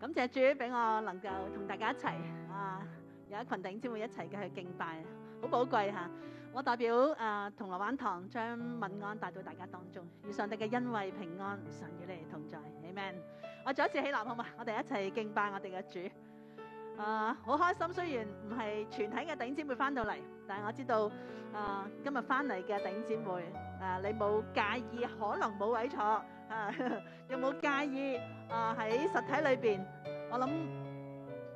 感謝主俾我能夠同大家一齊啊，有一群弟兄姊妹一齊嘅去敬拜，好寶貴嚇！我代表啊銅鑼灣堂將問安帶到大家當中，與上帝嘅恩惠平安常與你哋同在，Amen！我再一次起立好嘛，我哋一齊敬拜我哋嘅主。啊，好開心，雖然唔係全體嘅弟兄姊妹返到嚟，但係我知道啊，今日返嚟嘅弟兄姊妹啊，你冇介意，可能冇位坐。啊，有冇介意？啊，喺實體裏邊，我諗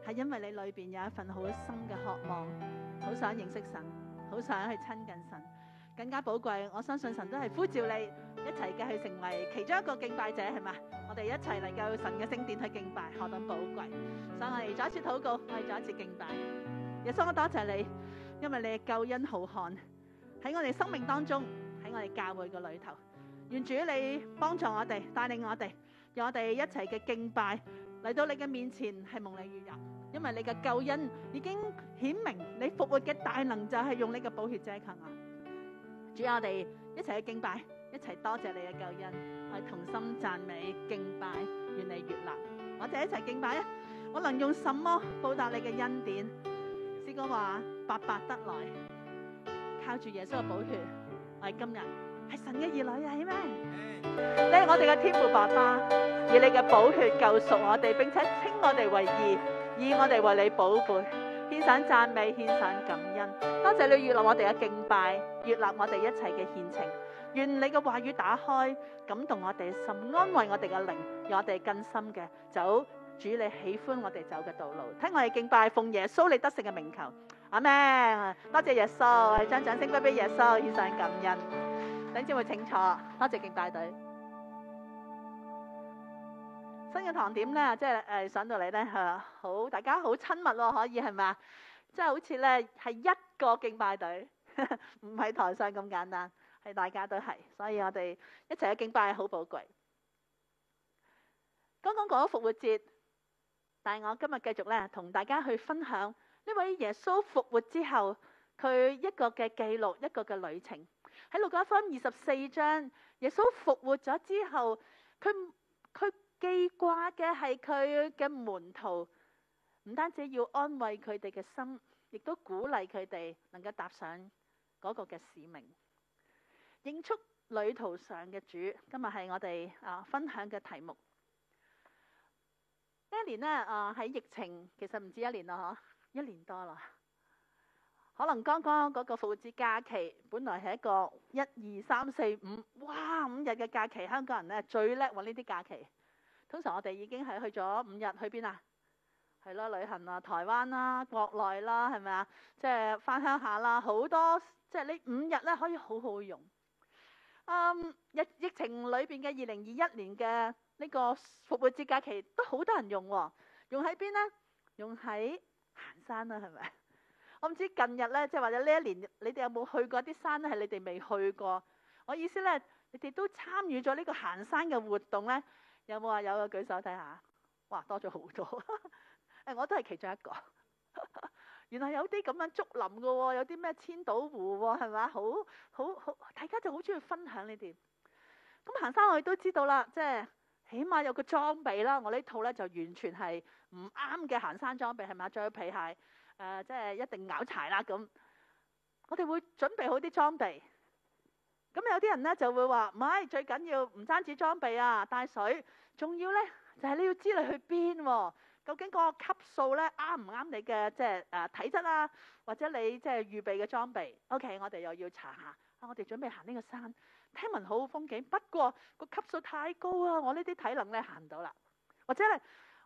係因為你裏邊有一份好深嘅渴望，好想認識神，好想去親近神，更加寶貴。我相信神都係呼召你一齊嘅去成為其中一個敬拜者，係嘛？我哋一齊嚟夠神嘅聖殿去敬拜，學到寶貴。所以我哋再一次禱告，我哋再一次敬拜。耶穌，我多謝你，因為你嘅救恩浩瀚，喺我哋生命當中，喺我哋教會嘅裏頭。願主你幫助我哋，帶領我哋，讓我哋一齊嘅敬拜嚟到你嘅面前，係蒙你悅納，因為你嘅救恩已經顯明，你復活嘅大能就係、是、用你嘅寶血遮蓋。主要我，我哋一齊去敬拜，一齊多謝你嘅救恩，係同心讚美敬拜，你越嚟越難。我哋一齊敬拜啊！我能用什麼報答你嘅恩典？詩歌話白白得來，靠住耶穌嘅寶血，我係今日，係神嘅兒女啊係咩？你係我哋嘅天父爸爸，以你嘅寶血救贖我哋，並且稱我哋為義，以我哋為你寶貝，獻上讚美，獻上感恩。多謝你悅納我哋嘅敬拜，悅納我哋一切嘅獻情。願你嘅話語打開，感動我哋嘅心，安慰我哋嘅靈，讓我哋更深嘅走主你喜歡我哋走嘅道路。聽我哋敬拜，奉耶穌你得勝嘅名求，阿門。多謝耶穌，我將掌聲歸俾耶穌，獻上感恩。等陣會請坐，多謝敬拜隊。新嘅堂點咧，即係誒上到嚟咧，係好，大家好親密喎，可以係咪？即係好似咧係一個敬拜隊，唔喺台上咁簡單，係大家都係，所以我哋一齊嘅敬拜好寶貴。剛剛講咗復活節，但係我今日繼續咧同大家去分享呢位耶穌復活之後佢一個嘅記錄，一個嘅旅程。喺路加福音二十四章，耶穌復活咗之後，佢佢記掛嘅係佢嘅門徒，唔單止要安慰佢哋嘅心，亦都鼓勵佢哋能夠踏上嗰個嘅使命，認出旅途上嘅主。今日係我哋啊分享嘅題目。一年咧啊，喺疫情，其實唔止一年咯，嗬，一年多啦。可能剛剛嗰個復活節假期，本來係一個一二三四五，哇五日嘅假期，香港人咧最叻搵呢啲假期。通常我哋已經係去咗五日，去邊啊？係咯，旅行啊，台灣啦，國內啦，係咪啊？即係返鄉下啦，好多即係呢五日咧可以好好用。嗯，疫疫情裏邊嘅二零二一年嘅呢個復活節假期都好多人用喎、啊，用喺邊呢？用喺行山啦、啊，係咪？我唔知近日咧，即係或者呢一年，你哋有冇去過啲山咧？係你哋未去過。我意思咧，你哋都參與咗呢個行山嘅活動咧，有冇話有啊？有舉手睇下，哇，多咗好多！誒， 我都係其中一個。 原來有啲咁樣竹林噶、哦，有啲咩千島湖係、哦、咪啊？好好好，大家就好中意分享呢啲。咁行山我哋都知道啦，即係起碼有個裝備啦。我呢套咧就完全係唔啱嘅行山裝備，係咪啊？着咗皮鞋。誒、呃，即係一定拗柴啦咁。我哋會準備好啲裝備。咁、嗯、有啲人咧就會話：，唔係最緊要唔單止裝備啊，帶水。仲要咧就係、是、你要知你去邊喎、啊？究竟嗰個級數咧啱唔啱你嘅即係誒、呃、體質啊？或者你即係預備嘅裝備？O、okay, K，我哋又要查下。啊，我哋準備行呢個山，聽聞好風景，不過、這個級數太高啊！我呢啲體能咧行唔到啦。或者係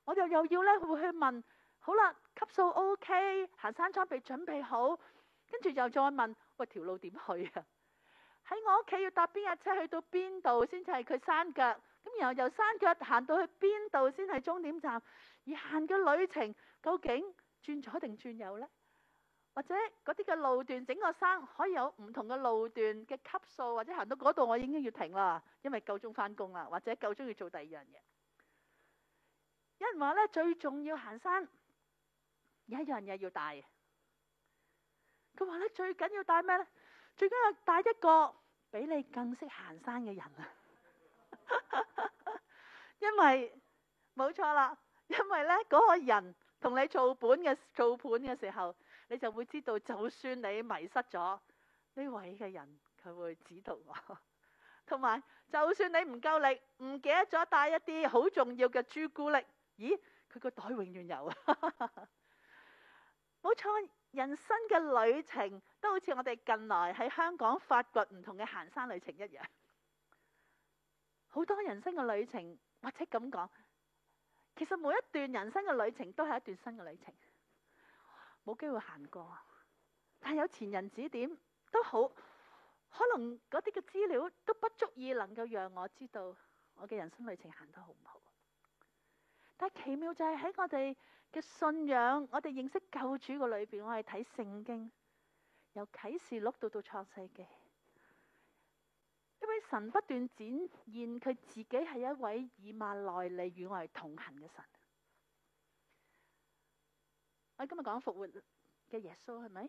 我哋又要咧會,會去問。好啦，級數 O.K.，行山裝備準備好，跟住又再問，喂，條路點去啊？喺我屋企要搭邊架車去到邊度先至係佢山腳咁，然後由山腳行到去邊度先係終點站？而行嘅旅程究竟轉左定轉右咧？或者嗰啲嘅路段，整個山可以有唔同嘅路段嘅級數，或者行到嗰度我已經要停啦，因為夠鐘翻工啦，或者夠鐘要做第二樣嘢。有人話咧，最重要行山。有一樣嘢要帶嘅，佢話咧，最緊要帶咩咧？最緊要帶一個比你更識行山嘅人啊！因為冇錯啦，因為咧呢個人同你做盤嘅做盤嘅時候，你就會知道，就算你迷失咗呢位嘅人，佢會指導我。同埋就算你唔夠力，唔記得咗帶一啲好重要嘅朱古力，咦？佢個袋永遠有啊！冇錯，人生嘅旅程都好似我哋近來喺香港發掘唔同嘅行山旅程一樣。好多人生嘅旅程，或者咁講，其實每一段人生嘅旅程都係一段新嘅旅程，冇機會行過，但有前人指點都好。可能嗰啲嘅資料都不足以能夠讓我知道我嘅人生旅程行得好唔好。但奇妙就係喺我哋嘅信仰，我哋認識救主嘅裏邊，我係睇聖經，由啟示錄到到創世紀，因為神不斷展現佢自己係一位以馬內利與我哋同行嘅神。我今日講復活嘅耶穌係咪？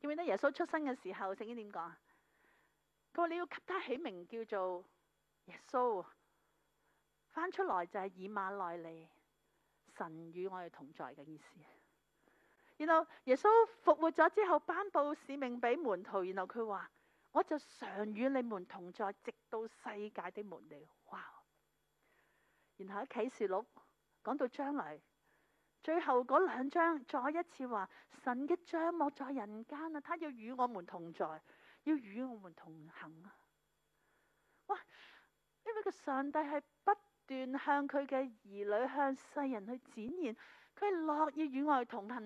記唔記得耶穌出生嘅時候聖經點講啊？佢話你要給他起名叫做耶穌，翻出來就係以馬內利。神與我哋同在嘅意思，然後耶穌復活咗之後頒布使命俾門徒，然後佢話，我就常與你們同在，直到世界的末了。哇！然後喺啟示錄講到將來最後嗰兩章再一次話神嘅帳幕在人間啊，他要與我們同在，要與我們同行啊！喂，因為個上帝係不斷向佢嘅兒女、向世人去展現，佢樂意與我同行，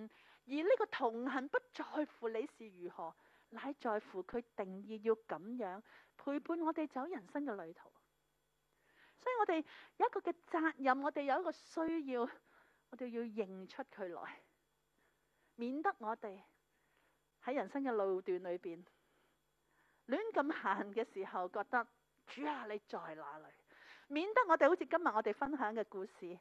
而呢個同行不在乎你是如何，乃在乎佢定意要咁樣陪伴我哋走人生嘅旅途。所以我哋有一個嘅責任，我哋有一個需要，我哋要認出佢來，免得我哋喺人生嘅路段裏邊亂咁行嘅時候，覺得主啊，你在哪裏？免得我哋好似今日我哋分享嘅故事，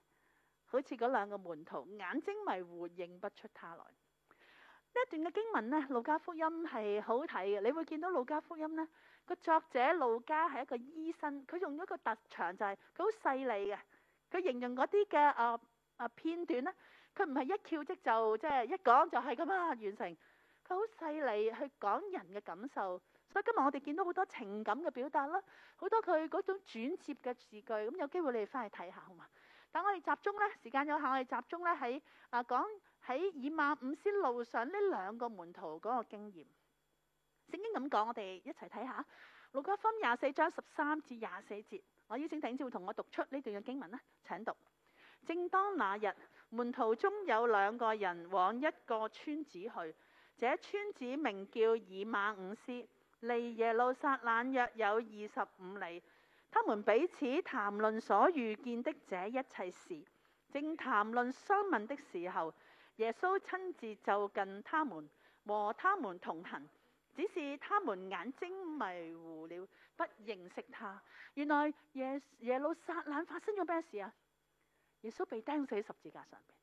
好似嗰兩個門徒眼睛迷糊認不出他來。呢一段嘅經文咧，路加福音係好睇嘅，你會見到路加福音咧，個作者路加係一個醫生，佢用咗一個特長就係佢好細膩嘅，佢形容嗰啲嘅啊啊片段咧，佢唔係一竅即就即係、就是、一講就係咁啊完成，佢好細膩去講人嘅感受。所以今日我哋見到好多情感嘅表達啦，好多佢嗰種轉接嘅字句咁，有機會你哋翻去睇下好嘛？但我哋集中呢時間有限，我哋集中呢喺啊講喺以馬忤斯路上呢兩個門徒嗰個經驗。正經咁講，我哋一齊睇下《路加福音》廿四章十三至廿四節。我邀請頂住同我讀出呢段嘅經文呢。請讀：正當那日，門徒中有兩個人往一個村子去，這村子名叫以馬忤斯。離耶路撒冷約有二十五里，他們彼此談論所遇見的這一切事。正談論相問的時候，耶穌親自就近他們，和他們同行，只是他們眼睛迷糊了，不認識他。原來耶耶路撒冷發生咗咩事啊？耶穌被釘死喺十字架上邊。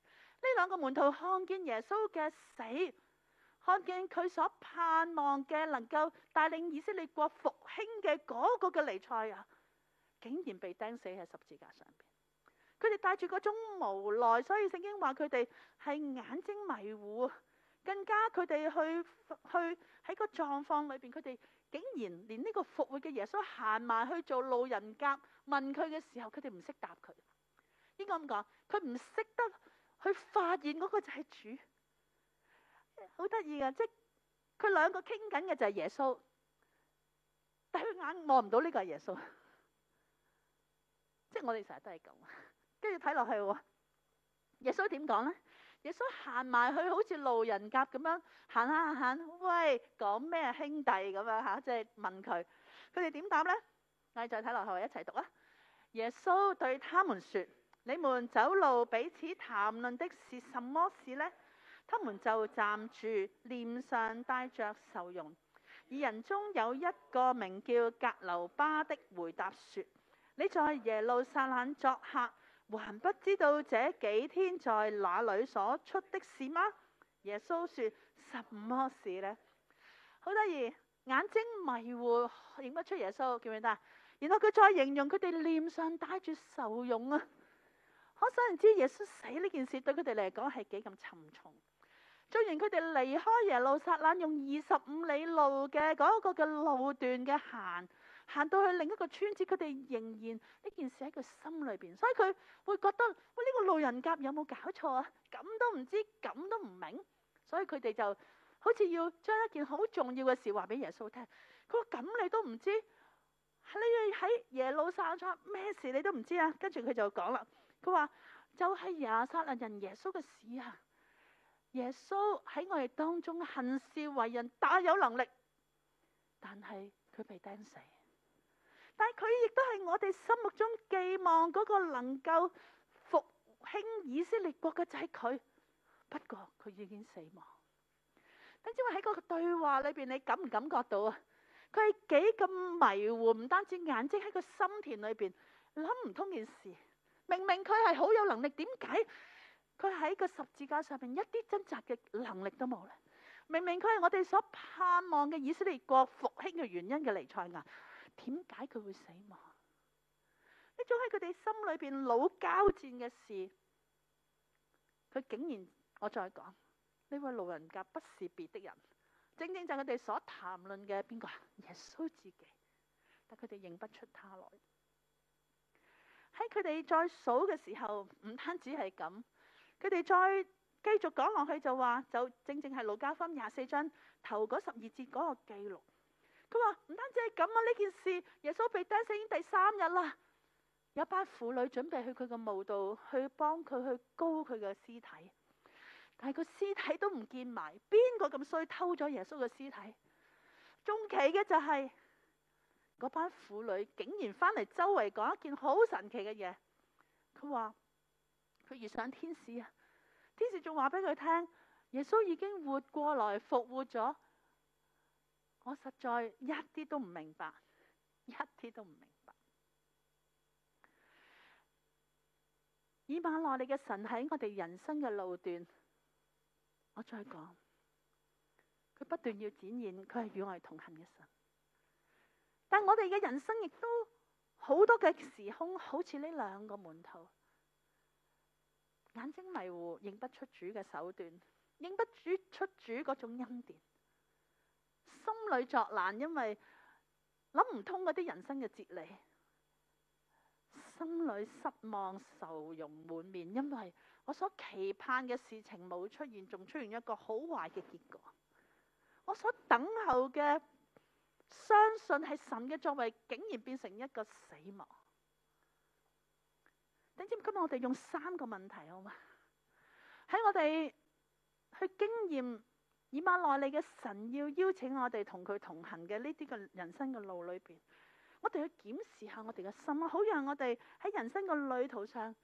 呢兩個門徒看見耶穌嘅死。看見佢所盼望嘅能夠帶領以色列國復興嘅嗰個嘅彌賽亞，竟然被釘死喺十字架上邊。佢哋帶住嗰種無奈，所以聖經話佢哋係眼睛迷糊，更加佢哋去去喺個狀況裏邊，佢哋竟然連呢個復活嘅耶穌行埋去做路人甲，問佢嘅時候，佢哋唔識答佢。應該咁講，佢唔識得去發現嗰個就係主。好得意噶，即佢兩個傾緊嘅就係耶穌，但佢眼望唔到呢個係耶穌。即係我哋成日都係咁，跟住睇落去，耶穌點講咧？耶穌行埋去，好似路人甲咁樣行下行，喂，講咩兄弟咁樣吓，即係問佢，佢哋點答咧？我哋再睇落去一齊讀啊！耶穌對他們說：你們走路彼此談論的是什麼事咧？他們就站住，臉上帶着愁容。二人中有一個名叫格留巴的，回答說：你在耶路撒冷作客，還不知道這幾天在哪裏所出的事嗎？耶穌說：什麼事呢？好得意，眼睛迷糊，認不出耶穌，記唔記得？然後佢再形容佢哋臉上帶住愁容啊！可想而知，耶穌死呢件事對佢哋嚟講係幾咁沉重。雖然佢哋離開耶路撒冷，用二十五里路嘅嗰一個嘅路段嘅行，行到去另一個村子，佢哋仍然呢件事喺佢心裏邊，所以佢會覺得喂呢、這個路人甲有冇搞錯啊？咁都唔知，咁都唔明，所以佢哋就好似要將一件好重要嘅事話俾耶穌聽。佢話咁你都唔知，你喺耶路撒冷出咩事你都唔知啊？跟住佢就講啦，佢話就係、是、耶路撒冷人耶穌嘅事啊。耶穌喺我哋當中行事為人大有能力，但係佢被釘死。但係佢亦都係我哋心目中寄望嗰個能夠復興以色列國嘅就係佢。不過佢已經死亡。等只話喺個對話裏邊，你感唔感覺到啊？佢係幾咁迷糊，唔單止眼睛喺個心田裏邊諗唔通件事，明明佢係好有能力，點解？佢喺個十字架上面，一啲掙扎嘅能力都冇咧。明明佢係我哋所盼望嘅以色列國復興嘅原因嘅彌賽亞，點解佢會死亡？呢種喺佢哋心裏邊老交戰嘅事，佢竟然我再講呢位路人甲不是別的人，正正就係佢哋所談論嘅邊個耶穌自己，但佢哋認不出他來。喺佢哋再數嘅時候，唔單止係咁。佢哋再繼續講落去就話，就正正係路加福音廿四章頭嗰十二節嗰個記錄。佢話唔單止係咁啊，呢件事耶穌被釘死已經第三日啦，有班婦女準備去佢嘅墓度去幫佢去膏佢嘅屍體，但係個屍體都唔見埋，邊個咁衰偷咗耶穌嘅屍體？仲奇嘅就係嗰班婦女竟然翻嚟，周圍講一件好神奇嘅嘢。佢話。佢遇上天使啊！天使仲話俾佢聽，耶穌已經活過來復活咗。我實在一啲都唔明白，一啲都唔明白。以馬內利嘅神喺我哋人生嘅路段，我再講，佢不斷要展現佢係與我哋同行嘅神。但我哋嘅人生亦都好多嘅時空，好似呢兩個門徒。眼睛迷糊，認不出主嘅手段，認不出主嗰種恩典。心裏作難，因為諗唔通嗰啲人生嘅哲理。心裏失望，愁容滿面，因為我所期盼嘅事情冇出現，仲出現一個好壞嘅結果。我所等候嘅，相信係神嘅作為，竟然變成一個死亡。等住今日我哋用三個問題好嗎？喺我哋去經驗以馬內利嘅神要邀請我哋同佢同行嘅呢啲嘅人生嘅路裏邊，我哋去檢視下我哋嘅心，好讓我哋喺人生嘅旅途上，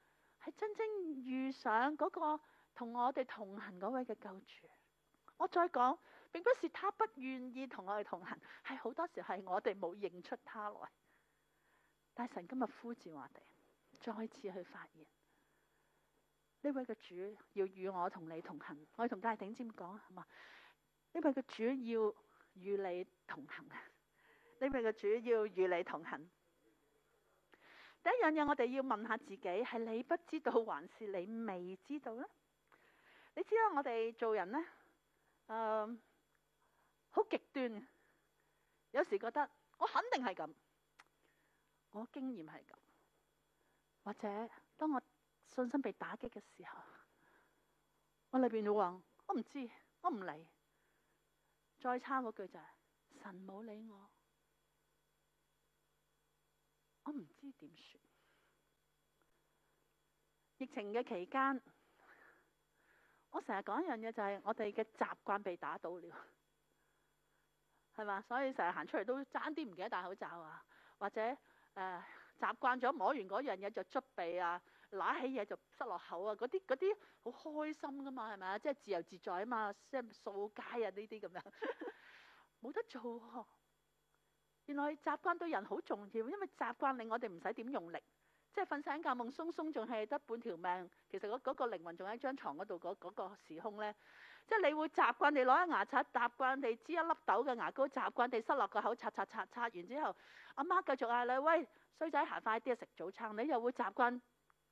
係真正遇上嗰個同我哋同行嗰位嘅救主。我再講，並不是他不願意同我哋同行，係好多時係我哋冇認出他來。但神今日呼召我哋。再次去發現，呢位嘅主要與我同你同行。我同戴頂尖講，係嘛？呢位嘅主要與你同行。呢位嘅主要與你同行。第一樣嘢，我哋要問下自己：係你不知道，還是你未知道咧？你知啦，我哋做人呢？誒、嗯，好極端。有時覺得我肯定係咁，我經驗係咁。或者當我信心被打擊嘅時候，我裏邊會話：我唔知，我唔理。」再差嗰句就係、是：神冇理我，我唔知點算。疫情嘅期間，我成日講一樣嘢、就是，就係我哋嘅習慣被打倒了，係嘛？所以成日行出嚟都差啲唔記得戴口罩啊，或者誒。呃習慣咗摸完嗰樣嘢就捽鼻啊，攞起嘢就塞落口啊，嗰啲啲好開心㗎嘛，係咪啊？即係自由自在啊嘛，即係掃街啊呢啲咁樣，冇 得做喎、哦。原來習慣對人好重要，因為習慣令我哋唔使點用力，即係瞓醒一覺矇鬆鬆，仲係得半條命。其實嗰嗰個靈魂仲喺張床嗰度，嗰嗰個時空咧。即係你會習慣地攞開牙刷，習慣地支一粒豆嘅牙膏，習慣地塞落個口刷刷刷刷完之後，阿媽繼續嗌你：喂，衰仔行快啲啊！食早餐。你又會習慣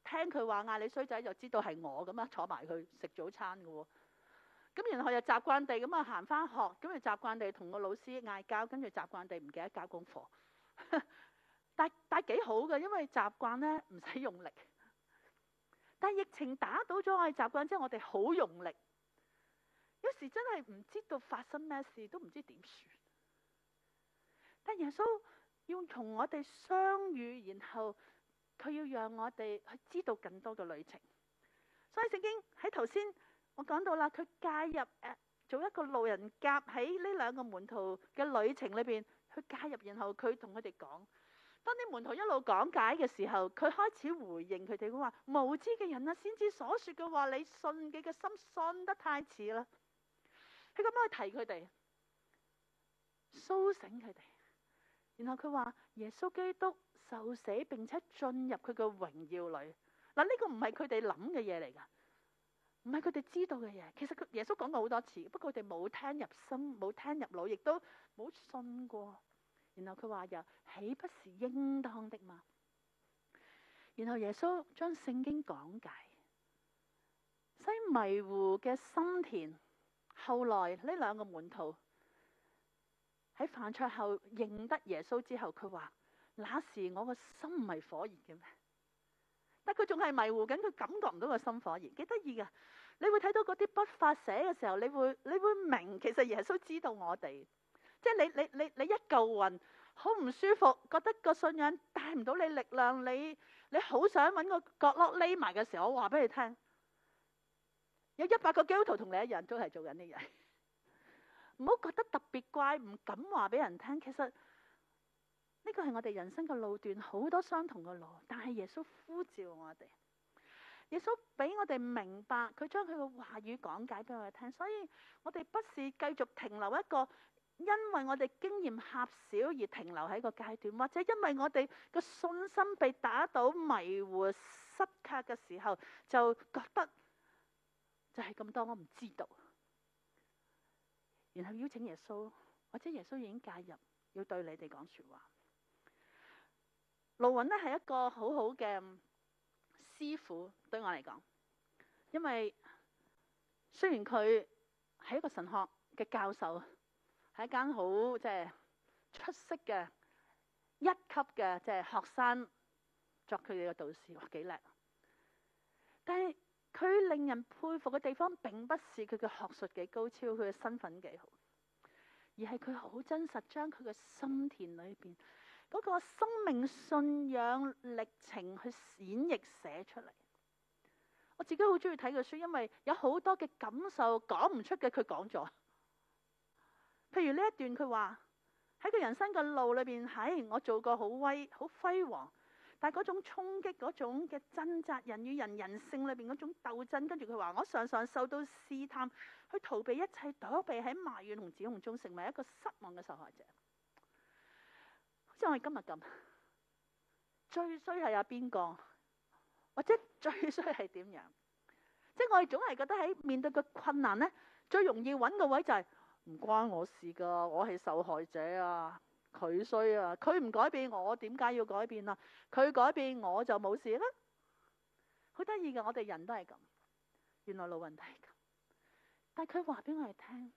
聽佢話嗌、啊、你衰仔，就知道係我咁啊，坐埋去食早餐嘅喎。咁然後又習慣地咁啊行返學，咁又習慣地同個老師嗌交，跟住習慣地唔記得交功課。 但但幾好嘅，因為習慣咧唔使用力。但係疫情打倒咗我嘅習慣之後，我哋好用力。有時真係唔知道發生咩事，都唔知點算。但耶穌要同我哋相遇，然後佢要讓我哋去知道更多嘅旅程。所以聖經喺頭先我講到啦，佢介入誒、呃、做一個路人甲喺呢兩個門徒嘅旅程裏邊去介入，然後佢同佢哋講：，當啲門徒一路講解嘅時候，佢開始回應佢哋佢話：無知嘅人啊，先知所說嘅話，你信嘅個心信得太遲啦。佢咁樣去提佢哋，蘇醒佢哋，然後佢話耶穌基督受死並且進入佢個榮耀裏。嗱、這個，呢個唔係佢哋諗嘅嘢嚟噶唔係佢哋知道嘅嘢。其實佢耶穌講過好多次，不過佢哋冇聽入心，冇聽入腦，亦都冇信過。然後佢話又豈不是應當的嘛？然後耶穌將聖經講解，西迷糊嘅心田。後來呢兩個門徒喺飯桌後認得耶穌之後，佢話，那時我個心唔係火熱嘅咩？但佢仲係迷糊緊，佢感覺唔到個心火熱，幾得意噶！你會睇到嗰啲筆法寫嘅時候，你會你會明，其實耶穌知道我哋，即係你你你你一嚿雲好唔舒服，覺得個信仰帶唔到你力量，你你好想揾個角落匿埋嘅時候，我話俾你聽。有一百個基督徒同你一樣，都係做緊呢樣，唔好覺得特別怪，唔敢話俾人聽。其實呢個係我哋人生嘅路段，好多相同嘅路。但係耶穌呼召我哋，耶穌俾我哋明白，佢將佢嘅話語講解俾我哋聽。所以我哋不是繼續停留一個，因為我哋經驗狹小而停留喺個階段，或者因為我哋個信心被打倒、迷糊、失卻嘅時候，就覺得。就係咁多，我唔知道。然後邀請耶穌，或者耶穌已經介入，要對你哋講說話。盧雲呢係一個好好嘅師傅對我嚟講，因為雖然佢係一個神學嘅教授，係一間好即係出色嘅一級嘅即係學生，作佢哋嘅導師，幾叻。但係。佢令人佩服嘅地方，並不是佢嘅學術幾高超，佢嘅身份幾好，而係佢好真實將佢嘅心田裏邊嗰個生命信仰歷程去演繹寫出嚟。我自己好中意睇佢書，因為有好多嘅感受講唔出嘅，佢講咗。譬如呢一段，佢話，喺佢人生嘅路裏邊，唉，我做過好威、好輝煌。但係嗰種衝擊，嗰種嘅掙扎，人與人、人性裏邊嗰種鬥爭，跟住佢話：我常常受到試探，去逃避一切，躲避喺埋怨同指控中，成為一個失望嘅受害者。好似我哋今日咁，最衰係阿邊個，或者最衰係點樣？即係我哋總係覺得喺面對嘅困難呢，最容易揾個位就係唔關我事噶，我係受害者啊！佢衰啊！佢唔改變我，我點解要改變啊？佢改變我，我就冇事啦。好得意嘅，我哋人都係咁。原來盧雲都係咁，但佢話俾我哋聽：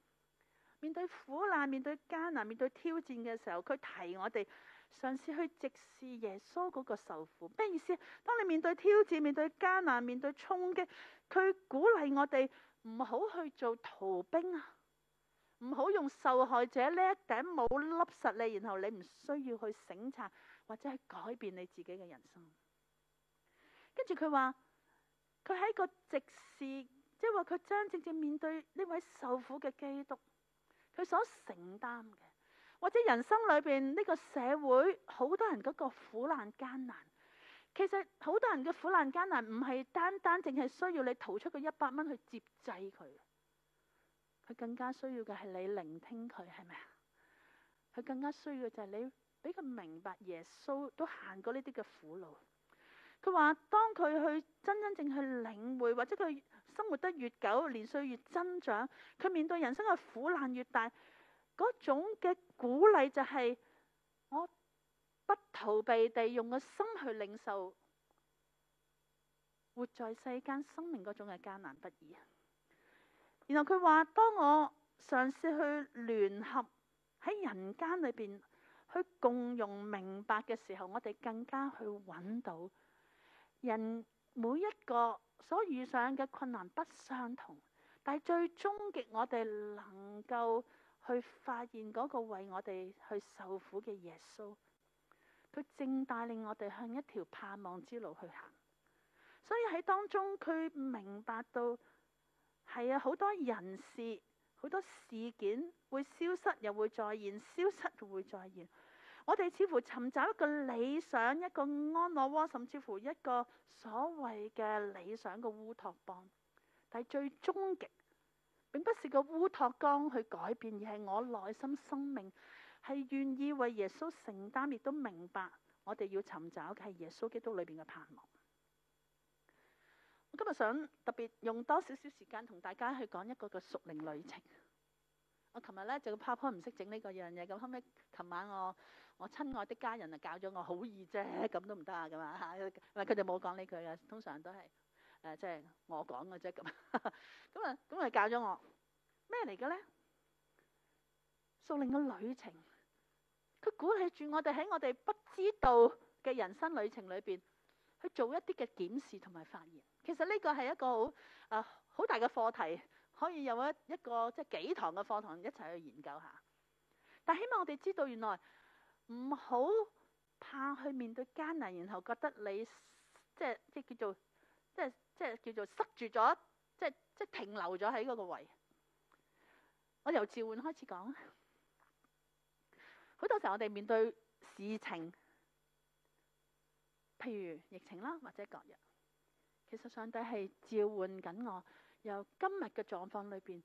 面對苦難、面對艱難、面對挑戰嘅時候，佢提我哋嘗試去直視耶穌嗰個受苦。咩意思？當你面對挑戰、面對艱難、面對衝擊，佢鼓勵我哋唔好去做逃兵啊！唔好用受害者呢一頂帽笠實你，然後你唔需要去省察或者去改變你自己嘅人生。跟住佢話，佢喺個直視，即係話佢將正正面對呢位受苦嘅基督，佢所承擔嘅，或者人生裏邊呢個社會好多人嗰個苦難艱難，其實好多人嘅苦難艱難唔係單單淨係需要你掏出個一百蚊去接濟佢。佢更加需要嘅係你聆聽佢，係咪啊？佢更加需要嘅，就係你俾佢明白耶穌都行過呢啲嘅苦路。佢話當佢去真真正去領會，或者佢生活得越久，年歲越增長，佢面對人生嘅苦難越大，嗰種嘅鼓勵就係我不逃避地用個心去領受，活在世間生命嗰種嘅艱難不易。然後佢話：當我嘗試去聯合喺人間裏邊去共用明白嘅時候，我哋更加去揾到人每一個所遇上嘅困難不相同，但係最終極我哋能夠去發現嗰個為我哋去受苦嘅耶穌，佢正帶領我哋向一條盼望之路去行。所以喺當中佢明白到。係啊，好多人事，好多事件會消失又會再現，消失又會再現。我哋似乎尋找一個理想，一個安樂窩，甚至乎一個所謂嘅理想嘅烏托邦。但係最終極，並不是個烏托邦去改變，而係我內心生命係願意為耶穌承擔，亦都明白我哋要尋找嘅係耶穌基督裏邊嘅盼望。今日想特別用多少少時間同大家去講一個個屬靈旅程。我琴日咧，就 powerpoint 唔識整呢個樣嘢，咁後尾琴晚我我親愛的家人啊教咗我，好易啫，咁都唔得啊，咁啊，唔係佢哋冇講呢句啊，通常都係誒即係我講嘅啫咁。咁啊咁啊教咗我咩嚟嘅咧？屬靈嘅旅程，佢鼓勵住我哋喺我哋不知道嘅人生旅程裏邊。去做一啲嘅檢視同埋發現，其實呢個係一個好啊好大嘅課題，可以有一一個即係幾堂嘅課堂一齊去研究下。但起碼我哋知道，原來唔好怕去面對艱難，然後覺得你即係即係叫做即係即係叫做塞住咗，即係即係停留咗喺嗰個位。我由召喚開始講，好多時候我哋面對事情。譬如疫情啦，或者各日，其實上帝係召喚緊我，由今日嘅狀況裏邊，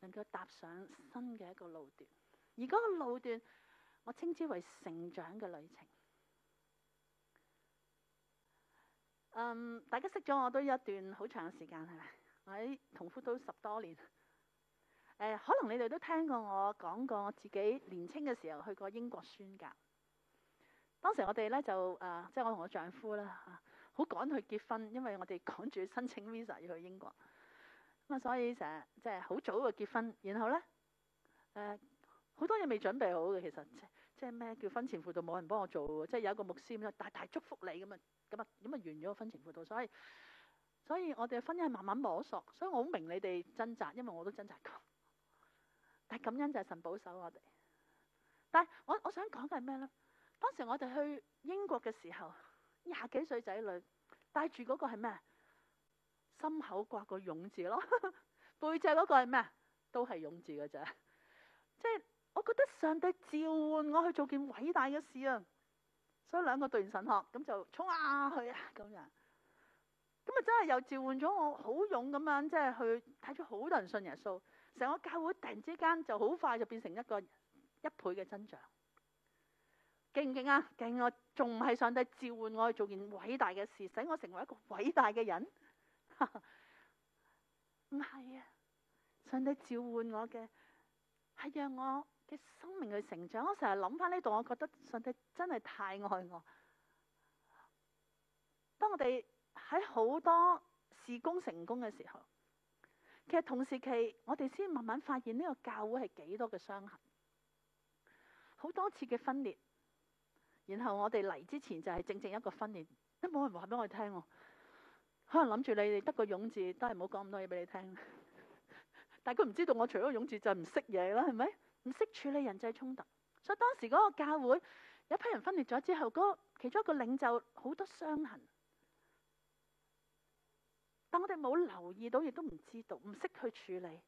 能夠踏上新嘅一個路段。而嗰個路段，我稱之為成長嘅旅程。嗯，大家識咗我都有一段好長嘅時間，係咪？我喺同福都十多年。呃，可能你哋都聽過我講過我自己年輕嘅時候去過英國宣教。當時我哋咧就誒，即係我同我丈夫啦嚇，好趕去結婚，因為我哋趕住申請 visa 要去英國。咁啊，所以成日即係好早啊結婚，然後咧誒，好多嘢未準備好嘅其實，即即係咩叫婚前輔導冇人幫我做嘅，即係有一個牧師咁樣大大祝福你咁啊，咁啊，咁啊完咗個婚前輔導，所以所以我哋嘅婚姻係慢慢摸索，所以我好明你哋掙扎，因為我都掙扎過。但係感恩就係神保守我哋。但係我我想講嘅係咩咧？當時我哋去英國嘅時候，廿幾歲仔女帶住嗰個係咩？心口掛個勇字，呵呵個勇字咯，背脊嗰個係咩？都係勇字嘅啫。即係我覺得上帝召喚我去做件偉大嘅事啊！所以兩個讀完神學，咁就衝啊去啊咁樣。咁啊真係又召喚咗我好勇咁樣，即係去睇咗好多人信耶穌，成個教會突然之間就好快就變成一個一倍嘅增長。勁唔勁啊？勁，我仲唔係上帝召喚我去做件偉大嘅事，使我成為一個偉大嘅人？唔 係啊！上帝召喚我嘅係讓我嘅生命去成長。我成日諗返呢度，我覺得上帝真係太愛我。當我哋喺好多事工成功嘅時候，其實同時期我哋先慢慢發現呢個教會係幾多嘅傷痕，好多次嘅分裂。然後我哋嚟之前就係整整一個分裂，都冇人話俾我哋聽，啊。可能諗住你哋得個勇字，都係唔好講咁多嘢俾你聽。 但係佢唔知道我除咗個勇字就唔識嘢啦，係咪？唔識處理人際衝突，所以當時嗰個教會有一批人分裂咗之後，嗰個，其中一個領袖好多傷痕，但我哋冇留意到，亦都唔知道，唔識去處理。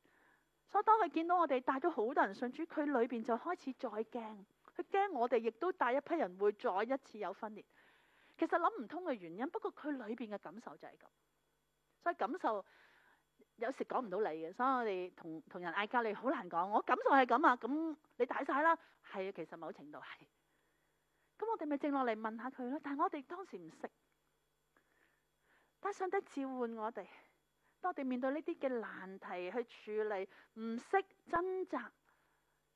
所以當佢見到我哋帶咗好多人信主，佢裏邊就開始再驚。驚我哋亦都帶一批人會再一次有分裂，其實諗唔通嘅原因，不過佢裏邊嘅感受就係咁，所以感受有時講唔到理嘅，所以我哋同同人嗌交，你好難講，我感受係咁啊，咁你大晒啦，係啊，其實某程度係。咁我哋咪靜落嚟問下佢咯。但係我哋當時唔識，但上帝召喚我哋，當我哋面對呢啲嘅難題去處理，唔識掙扎。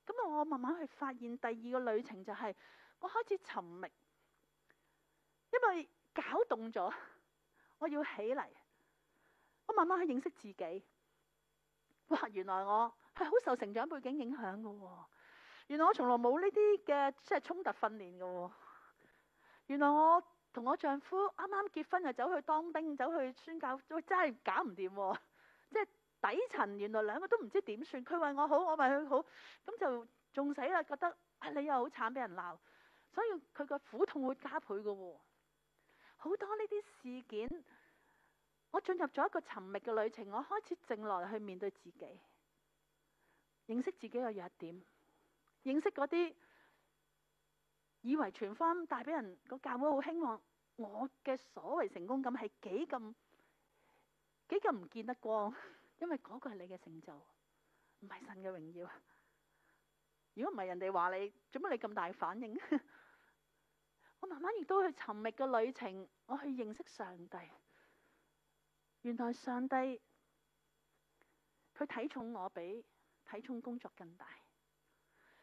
咁啊！我慢慢去發現，第二個旅程就係我開始尋覓，因為搞動咗，我要起嚟。我慢慢去認識自己。哇！原來我係好受成長背景影響嘅喎。原來我從來冇呢啲嘅，即係衝突訓練嘅喎。原來我同我丈夫啱啱結婚就走去當兵，走去宣教真係搞唔掂喎，即係。底層原來兩個都唔知點算，佢為我好，我為佢好，咁就仲死啦！覺得、哎、你又好慘，俾人鬧，所以佢個苦痛會加倍噶喎、哦。好多呢啲事件，我進入咗一個尋覓嘅旅程，我開始靜落去，去面對自己，認識自己嘅弱點，認識嗰啲以為全方帶俾人、個教會好興旺，我嘅所謂成功感係幾咁幾咁唔見得光。因為嗰個係你嘅成就，唔係神嘅榮耀。如果唔係人哋話你，做乜你咁大反應？ 我慢慢亦都去尋覓嘅旅程，我去認識上帝。原來上帝佢睇重我比睇重工作更大。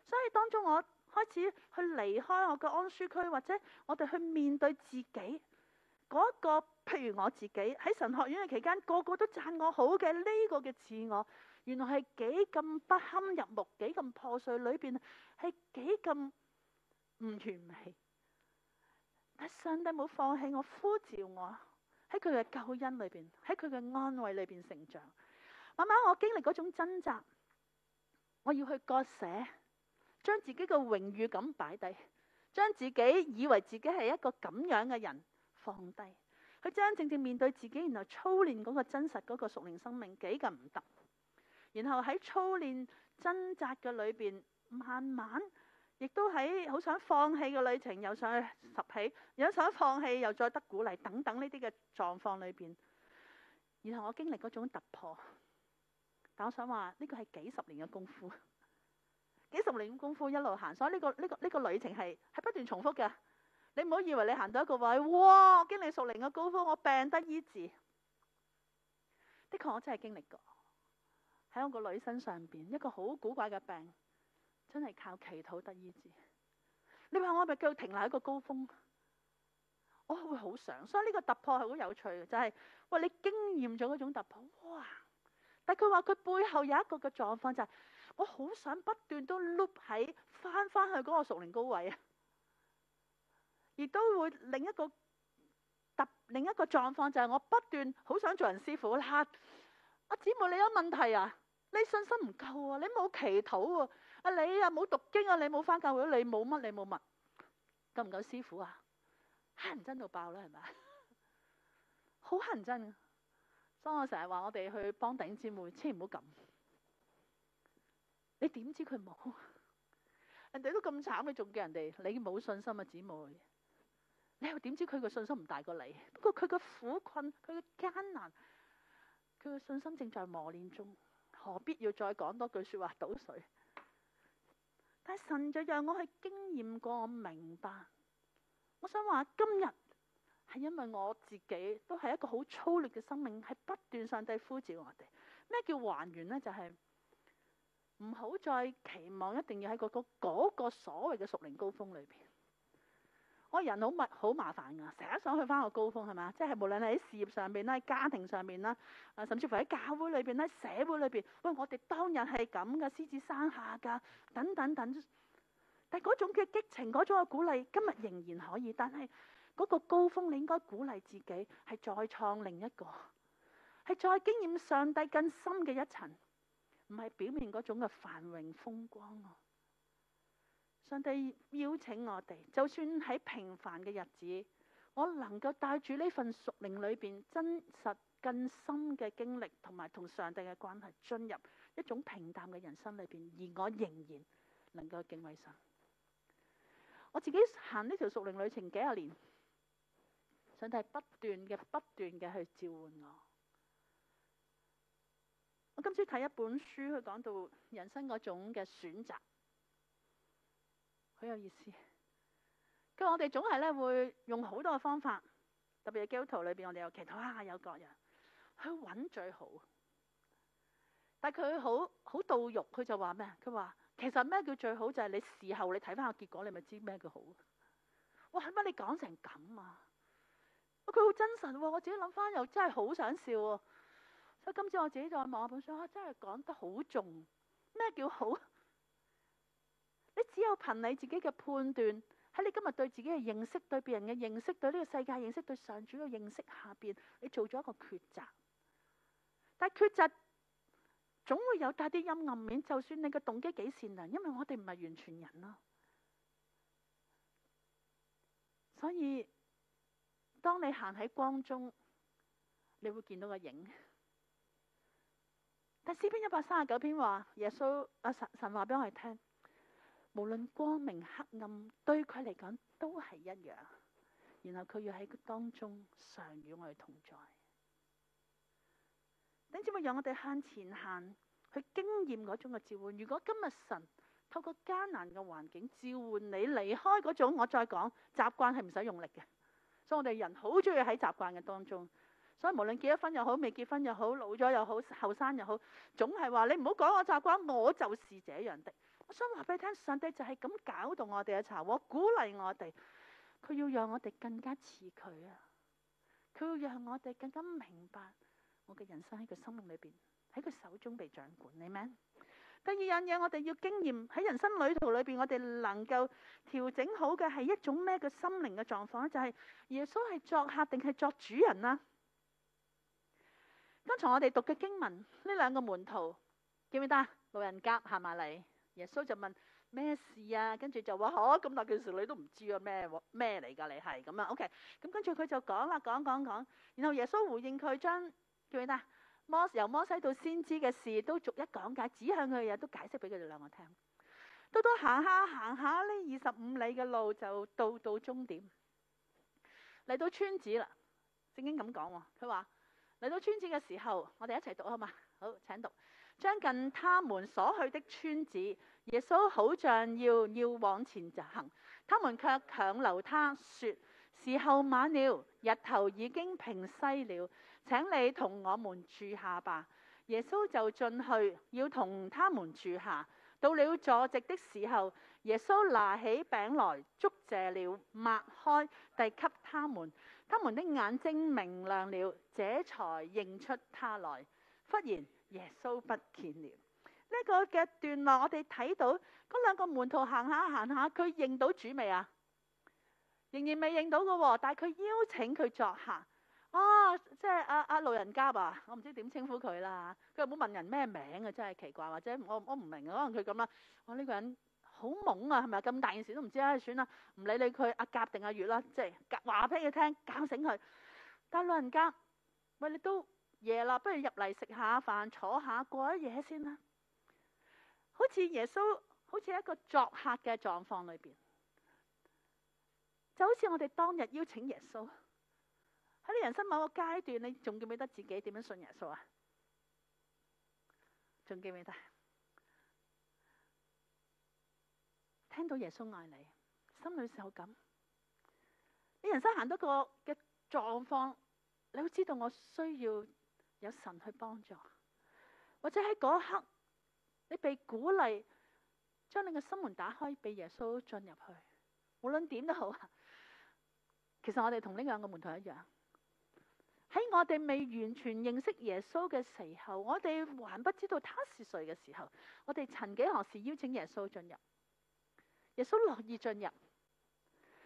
所以當中我開始去離開我嘅安舒區，或者我哋去面對自己。嗰個，譬如我自己喺神學院嘅期間，個個都讚我好嘅呢個嘅自我，原來係幾咁不堪入目，幾咁破碎裏面。裏邊係幾咁唔完美，但上帝冇放棄我，呼召我喺佢嘅救恩裏邊，喺佢嘅安慰裏邊成長。慢慢我經歷嗰種掙扎，我要去割捨，將自己嘅榮譽感擺低，將自己以為自己係一個咁樣嘅人。放低，佢真真正正面對自己，然後操練嗰個真實嗰、那個屬靈生命幾咁唔得，然後喺操練掙扎嘅裏邊，慢慢亦都喺好想放棄嘅旅程，又想去拾起，又想放棄，又再得鼓勵，等等呢啲嘅狀況裏邊，然後我經歷嗰種突破。但我想話呢、這個係幾十年嘅功夫，幾十年嘅功夫一路行，所以呢、這個呢、這個呢、這個旅程係係不斷重複嘅。你唔好以為你行到一個位，哇！我經歷屬靈嘅高峰，我病得醫治。的確，我真係經歷過，喺我個女身上邊一個好古怪嘅病，真係靠祈禱得醫治。你話我係咪叫停留喺個高峰，我會好想。所以呢個突破係好有趣嘅，就係、是、喂你經驗咗一種突破，哇！但佢話佢背後有一個嘅狀況，就係、是、我好想不斷都 loop 喺翻翻去嗰個屬靈高位啊。亦都會另一個特另一個狀況就係我不斷好想做人師傅啦，阿、啊、姊妹你有問題啊？你信心唔夠啊？你冇祈禱喎、啊？阿你啊冇讀經啊？你冇翻教會、啊？你冇乜？你冇乜？夠唔夠師傅啊？乞人憎到爆啦，係咪？好乞人憎，啊！所以我成日話我哋去幫弟兄姊妹千萬唔好咁。你點知佢冇？人哋都咁慘，你仲叫人哋？你冇信心啊，姊妹。你又點知佢個信心唔大過你？不過佢個苦困，佢個艱難，佢個信心正在磨練中，何必要再講多句說話倒水？但係神就讓我去經驗過，我明白。我想話今日係因為我自己都係一個好粗劣嘅生命，係不斷上帝呼召我哋。咩叫還原呢？就係唔好再期望一定要喺嗰個，嗰個所謂嘅屬靈高峰裏邊。我人好物好麻煩噶，成日想去翻個高峰係咪？即係無論喺事業上面啦、喺家庭上面啦，啊甚至乎喺教會裏邊啦、社會裏邊，喂我哋當日係咁噶，獅子山下噶等等等。但係嗰種嘅激情，嗰種嘅鼓勵，今日仍然可以。但係嗰個高峰，你應該鼓勵自己係再創另一個，係再經驗上帝更深嘅一層，唔係表面嗰種嘅繁榮風光咯、啊。上帝邀請我哋，就算喺平凡嘅日子，我能夠帶住呢份屬靈裏邊真實更深嘅經歷，同埋同上帝嘅關係，進入一種平淡嘅人生裏邊，而我仍然能夠敬畏神。我自己行呢條屬靈旅程幾廿年，上帝不斷嘅、不斷嘅去召喚我。我今朝睇一本書，佢講到人生嗰種嘅選擇。好有意思，佢話我哋總係咧會用好多方法，特別係 GOTO 裏邊，我哋有祈禱啊，有各樣，去揾最好。但佢好好到肉，佢就話咩？佢話其實咩叫最好？就係、是、你事後你睇翻個結果，你咪知咩叫好。哇！乜你講成咁啊？佢好真實、哦，我自己諗翻又真係好想笑、哦。所以今次我自己再望下本書，真係講得好重。咩叫好？只有憑你自己嘅判斷，喺你今日對自己嘅認識、對別人嘅認識、對呢個世界認識、對上主嘅認識下邊，你做咗一個抉擇。但抉擇總會有帶啲陰暗面，就算你嘅動機幾善良，因為我哋唔係完全人咯。所以當你行喺光中，你會見到個影。但詩篇一百三十九篇話，耶穌啊神神話俾我哋聽。無論光明黑暗，對佢嚟講都係一樣。然後佢要喺當中常與我哋同在，等住我讓我哋向前行去經驗嗰種嘅召喚。如果今日神透過艱難嘅環境召喚你離開嗰種，我再講習慣係唔使用力嘅。所以我哋人好中意喺習慣嘅當中。所以無論結咗婚又好，未結婚又好，老咗又好，後生又好，總係話你唔好講我習慣，我就是這樣的。我想話俾你聽，上帝就係咁搞到我哋嘅茶，我鼓勵我哋，佢要讓我哋更加似佢啊！佢要讓我哋更加明白我嘅人生喺佢生命裏邊，喺佢手中被掌管，你明？第二樣嘢，我哋要經驗喺人生旅途裏邊，我哋能夠調整好嘅係一種咩嘅心靈嘅狀況咧？就係耶穌係作客定係作主人啊！剛才我哋讀嘅經文，呢兩個門徒記唔記得？路人甲係咪你？耶穌就問咩事啊？跟住就話：好、啊，咁大件事你都唔知啊？咩咩嚟噶？你係咁啊？OK。咁跟住佢就講啦，講講講。然後耶穌回應佢，將叫咩啊？摩由摩西到先知嘅事都逐一講解，指向佢嘅嘢都解釋俾佢哋兩個聽。到到行下行下呢二十五里嘅路就到到終點。嚟到村子啦，聖經咁講、啊。佢話嚟到村子嘅時候，我哋一齊讀啊嘛。好，請讀。將近他們所去的村子，耶穌好像要要往前行，他們卻強留他說：時候晚了，日頭已經平西了，請你同我們住下吧。耶穌就進去，要同他們住下。到了坐席的時候，耶穌拿起餅來，祝謝了，擘開，遞給他們，他們的眼睛明亮了，這才認出他來。忽然。耶穌不見了，呢個嘅段落我哋睇到嗰兩個門徒行下行下，佢認到主未啊？仍然未認到嘅喎，但係佢邀請佢作客。哦，即係阿阿老人家啊，我唔知點稱呼佢啦。佢又冇問人咩名嘅，真係奇怪。或者我我唔明，可能佢咁啦。我呢個人好懵啊，係咪咁大件事都唔知啊？算啦，唔理你佢阿甲定阿月啦，即係甲話俾佢聽，搞醒佢。但係老人家，喂，你都。夜啦，不如入嚟食下飯，坐下過一夜先啦。好似耶穌，好似一個作客嘅狀況裏邊，就好似我哋當日邀請耶穌。喺你人生某個階段，你仲記唔記得自己點樣信耶穌啊？仲記唔記得聽到耶穌愛你，心裏是好感。你人生行到個嘅狀況，你會知道我需要，有神去幫助，或者喺嗰一刻，你被鼓勵將你嘅心門打開，俾耶穌進入去，無論點都好。其實我哋同呢兩個門徒一樣，喺我哋未完全認識耶穌嘅時候，我哋還不知道他是誰嘅時候，我哋曾幾何時邀請耶穌進入，耶穌樂意進入，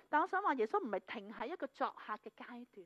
但我想話耶穌唔係停喺一個作客嘅階段。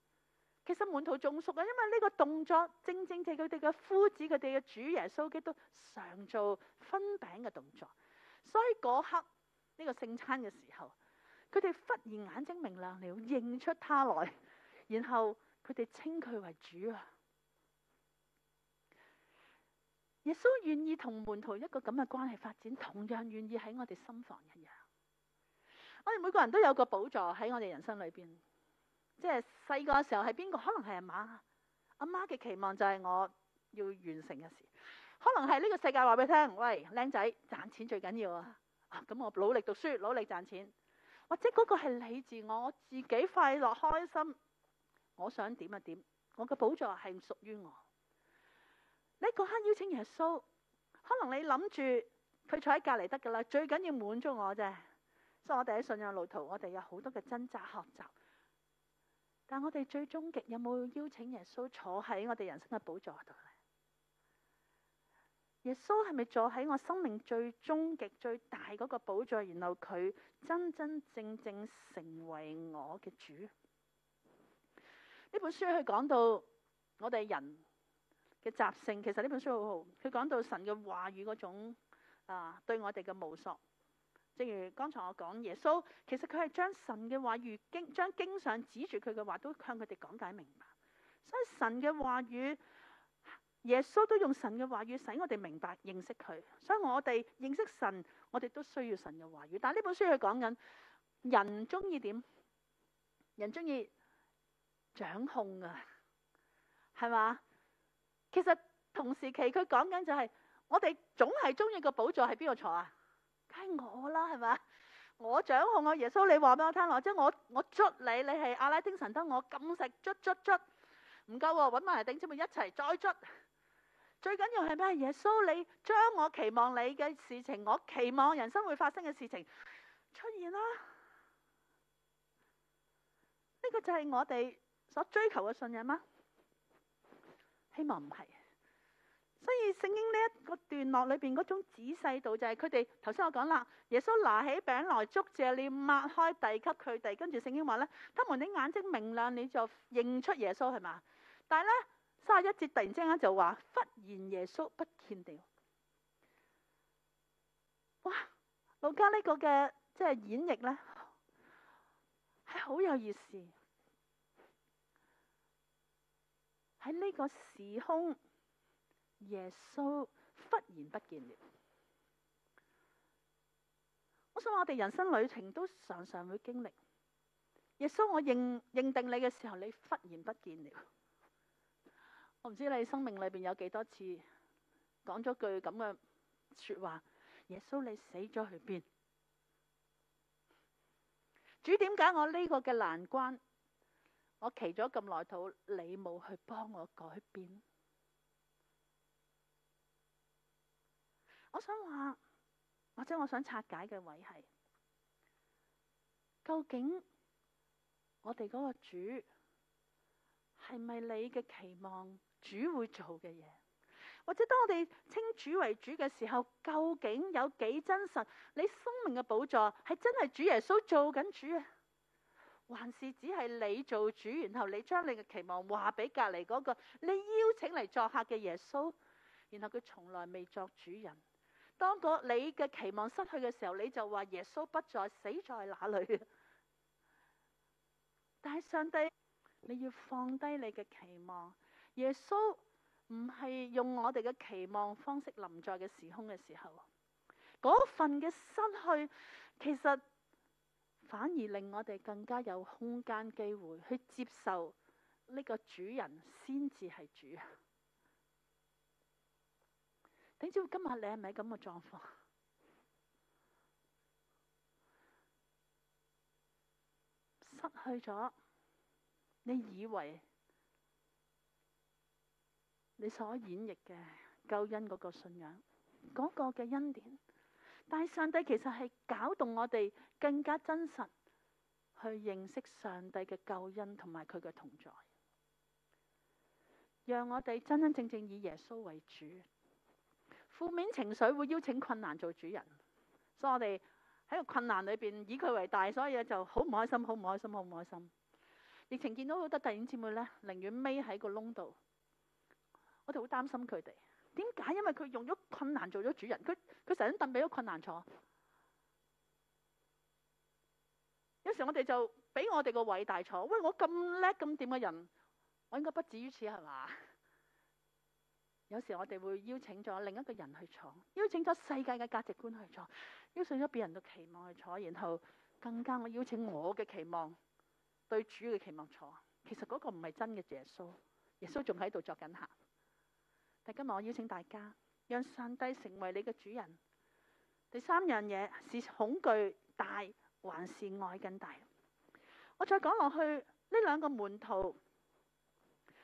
其實門徒眾熟啊，因為呢個動作正正係佢哋嘅夫子，佢哋嘅主耶穌基督常做分餅嘅動作。所以嗰刻呢個聖餐嘅時候，佢哋忽然眼睛明亮了，認出他來，然後佢哋稱佢為主啊。耶穌願意同門徒一個咁嘅關係發展，同樣願意喺我哋心房一樣。我哋每個人都有個寶座喺我哋人生裏邊。即係細個嘅時候，係邊個？可能係阿媽、阿媽嘅期望就係我要完成嘅事。可能係呢個世界話俾你聽：喂，靚仔，賺錢最緊要啊！咁、啊、我努力讀書，努力賺錢。或者嗰個係你自我，我自己快樂開心，我想點啊點？我嘅寶座係屬於我。你嗰刻邀請耶穌，可能你諗住佢坐喺隔籬得噶啦，最緊要滿足我啫。所以我哋喺信仰路途，我哋有好多嘅掙扎學習。但我哋最終極有冇邀請耶穌坐喺我哋人生嘅寶座度咧？耶穌係咪坐喺我生命最終極最大嗰個寶座，然後佢真真正正成為我嘅主？呢本書佢講到我哋人嘅習性，其實呢本書好好。佢講到神嘅話語嗰種啊，對我哋嘅無索。例如剛才我講耶穌，其實佢係將神嘅話語經將經上指住佢嘅話都向佢哋講解明白，所以神嘅話語耶穌都用神嘅話語使我哋明白認識佢，所以我哋認識神，我哋都需要神嘅話語。但呢本書佢講緊人中意點？人中意掌控啊，係嘛？其實同時期佢講緊就係、是、我哋總係中意個寶座喺邊個坐啊？睇我啦，係嘛？我掌控我，我，我，我，耶穌，你話俾我聽，或者我我捽你，你係阿拉丁神燈，我咁食捽捽捽，唔夠喎，搵埋嚟頂，姐妹一齊再捽。最緊要係咩？耶穌，你將我期望你嘅事情，我期望人生會發生嘅事情出現啦、啊。呢、這個就係我哋所追求嘅信任嗎、啊？希望唔係。所以聖經呢一個段落裏邊嗰種仔細度就係佢哋頭先我講啦，耶穌拿起餅來祝謝你，擘開遞給佢哋，跟住聖經話呢，「他們的眼睛明亮，你就認出耶穌，係嘛？但係呢，三十一節突然之間就話忽然耶穌不見了。」哇！路加呢個嘅即係演繹呢，係、哎、好有意思，喺呢個時空。耶穌忽然不見了。我想我哋人生旅程都常常會經歷，耶穌我認認定你嘅時候，你忽然不見了。我唔知你生命裏面有幾多次講咗句咁嘅說話：耶穌你死咗去邊？主點解我呢個嘅難關，我祈咗咁耐禱，你冇去幫我改變？我想話，或者我想拆解嘅位係，究竟我哋嗰個主係咪你嘅期望？主會做嘅嘢，或者當我哋稱主為主嘅時候，究竟有幾真實？你生命嘅寶座，係真係主耶穌做緊主啊，還是只係你做主，然後你將你嘅期望話俾隔籬嗰個你邀請嚟作客嘅耶穌，然後佢從來未作主人？當你嘅期望失去嘅時候，你就話耶穌不再死在那裏？但係上帝，你要放低你嘅期望。耶穌唔係用我哋嘅期望方式臨在嘅時空嘅時候，嗰份嘅失去，其實反而令我哋更加有空間機會去接受呢個主人先至係主。你知今日你係咪咁嘅狀況？失去咗，你以為你所演繹嘅救恩嗰個信仰，嗰個嘅恩典，但係上帝其實係搞動我哋更加真實去認識上帝嘅救恩同埋佢嘅同在，讓我哋真真正正以耶穌為主。負面情緒會邀請困難做主人，所以我哋喺個困難裏邊以佢為大，所以就好唔開心，好唔開心，好唔開心。疫情見到好多弟兄姊妹咧，寧願孭喺個窿度，我哋好擔心佢哋。點解？因為佢用咗困難做咗主人，佢佢成日凳俾個困難坐。有時我哋就俾我哋個偉大坐。喂，我咁叻咁掂嘅人，我應該不止於此係嘛？有時我哋會邀請咗另一個人去坐，邀請咗世界嘅價值觀去坐，邀請咗別人嘅期望去坐，然後更加我邀請我嘅期望，對主嘅期望坐。其實嗰個唔係真嘅耶穌，耶穌仲喺度作緊客。但今日我邀請大家，讓上帝成為你嘅主人。第三樣嘢，是恐懼大還是愛更大？我再講落去，呢兩個門徒。